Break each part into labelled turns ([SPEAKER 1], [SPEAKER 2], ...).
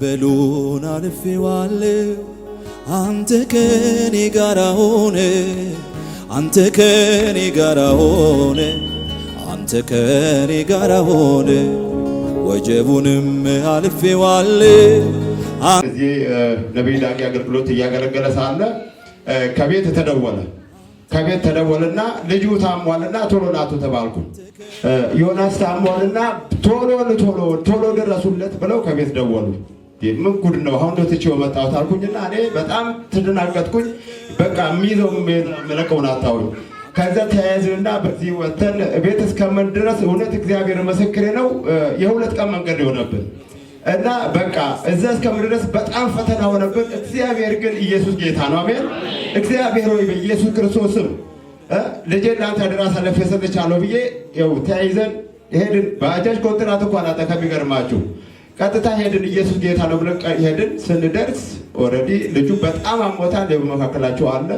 [SPEAKER 1] ማዕበሉን አልፌዋለሁ። አንተ ከኔ ጋራ ሆነ፣ አንተ ከኔ ጋራ ሆነ፣ አንተ ከኔ ጋራ ሆነ። ወጀቡንም አልፌዋለሁ። እዚህ ነቢይ ዳጊ አገልግሎት እያገለገለ ሳለ ከቤት ተደወለ። ከቤት ተደወለና ልጁ ታሟልና ቶሎ ናቱ ተባልኩ። ዮናስ ታሟልና ቶሎ ቶሎ ቶሎ ደረሱለት ብለው ከቤት ደወሉ። ምን ጉድ ነው አሁን ትቼው መጣሁት አልኩኝና እኔ በጣም ትደናገጥኩኝ። በቃ የሚይዘው ከዛ ተያያዝንና በዚህ ወተን ቤት እስከምን ድረስ እውነት እግዚአብሔር ምስክሬ ነው የሁለት ቀን መንገድ የሆነብን እና በቃ እዛ እስከምድረስ በጣም ፈተና ሆነብን። እግዚአብሔር ግን ኢየሱስ ጌታ ነው። አሜን። እግዚአብሔር ወይ በኢየሱስ ክርስቶስም ልጄ ለአንተ አደራ አሳልፌ ሰጥቻለሁ ብዬ ያው ተያይዘን ሄድን። ባጃጅ ኮንትራት እንኳን አጣ ከሚገርማችሁ ቀጥታ ሄድን። ኢየሱስ ጌታ ነው ብለን ሄድን። ስንደርስ ኦልሬዲ ልጁ በጣም አሞታል፣ በመካከላቸው አለ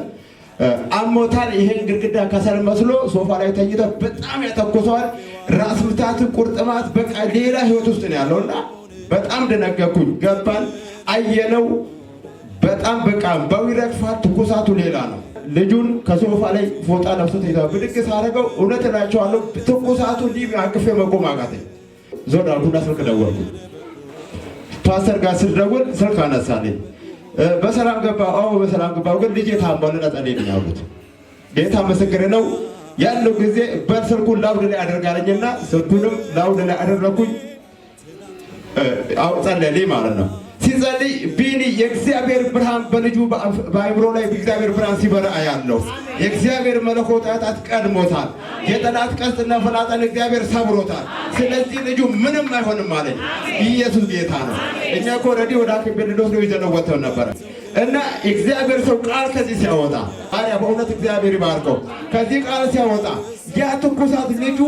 [SPEAKER 1] አሞታል። ይሄን ግድግዳ ከሰል መስሎ ሶፋ ላይ ተኝቶ በጣም ያተኩሰዋል። ራስ ምታት፣ ቁርጥማት፣ በቃ ሌላ ህይወት ውስጥ ነው ያለውና በጣም ደነገኩኝ። ገባን አየነው። በጣም በቃ በዊረግፋት ትኩሳቱ ሌላ ነው። ልጁን ከሶፋ ላይ ፎጣ ለብሶ ተኝቷል። ብድግ ሳደርገው እውነት እላቸዋለሁ ትኩሳቱ እንዲህ አቅፌ መቆም አቃተኝ። ዞር አልኩና ስልክ ደወልኩ። ፓስተር ጋር ስደውል ስልክ አነሳልኝ። በሰላም ገባ? አዎ በሰላም ገባ። ግን ልጄ ታሟል ነጠለኝ ነው ያሉት። ጌታ ምስክሬ ነው ያለው ጊዜ በስልኩን ላውድ ላይ አደርጋለኝና ስልኩንም ላውድ ላይ አደረኩኝ። አውጣለልኝ ማለት ነው ስንጸልይ ቢኒ የእግዚአብሔር ብርሃን በልጁ በአይምሮ ላይ በእግዚአብሔር ብርሃን ሲበራ አያለሁ። የእግዚአብሔር መለኮት ጣት ቀድሞታል። የጠላት ቀስትና ፍላጠን እግዚአብሔር ሰብሮታል። ስለዚህ ልጁ ምንም አይሆንም አለኝ። ኢየሱስ ጌታ ነው። እኛ እኮ ረዲ ወደ አኪም ቤልዶስ ነው ይዘነው ነበረ እና እግዚአብሔር ሰው ቃል ከዚህ ሲያወጣ አሪያ በእውነት እግዚአብሔር ይባርከው። ከዚህ ቃል ሲያወጣ ያ ትኩሳት ልጁ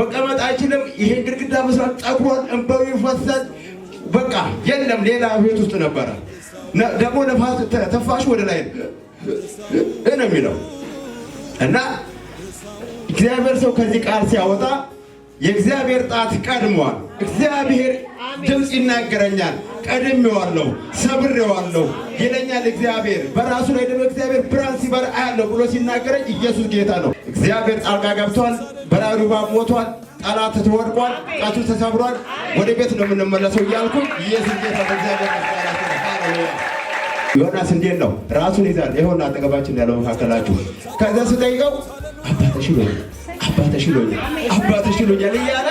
[SPEAKER 1] መቀመጥ አይችልም። ይሄን ግድግዳ መስራት ጠጉሮን እንበሩ ይፈሰል በቃ የለም ሌላ ቤት ውስጥ ነበረ። ደግሞ ነፋስ ተፋሽ ወደ ላይ ነው የሚለው እና እግዚአብሔር ሰው ከዚህ ቃል ሲያወጣ የእግዚአብሔር ጣት ቀድሟል። እግዚአብሔር ድምፅ ይናገረኛል፣ ቀድሜዋለሁ፣ ሰብሬዋለሁ ይለኛል። እግዚአብሔር በራሱ ላይ ደግሞ እግዚአብሔር ብርሃን ሲበራ አያለሁ ብሎ ሲናገረኝ ኢየሱስ ጌታ ነው። እግዚአብሔር ጣልቃ ገብቷል። በራሪ ባብ ሞቷል። ጠላት ተወድቋል፣ ጣቱ ተሰብሯል፣ ወደ ቤት ነው የምንመለሰው እያልኩ ኢየሱስ ጌታ በእግዚአብሔር መስጋናት ዮናስ እንዴት ነው ራሱን ይዛል። ይኸውና አጠገባችን ያለው መካከላችሁ። ከዛ ስጠይቀው አባ ተሽሎኛል፣ አባ ተሽሎኛል፣ አባ ተሽሎኛል እያለ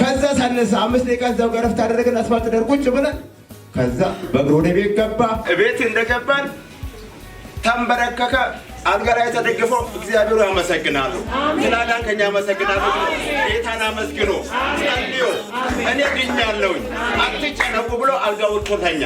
[SPEAKER 1] ከዛ ሳነሳ አምስት ደቂቃ እዛው ጋር ረፍት አደረግን። አስፋልት ዳር ቁጭ ብለን ከዛ በእግር ወደ ቤት ገባ። ቤት እንደገባን ተንበረከከ አልጋራ የተደገፈው እግዚአብሔር ያመሰግናሉ። ስላዳን ከኛ ያመሰግናሉ። ጌታን አመስግኖ ጸልዮ እኔ ድኛለሁኝ አትጨነቁ ብሎ አልጋ ወጥቶተኛ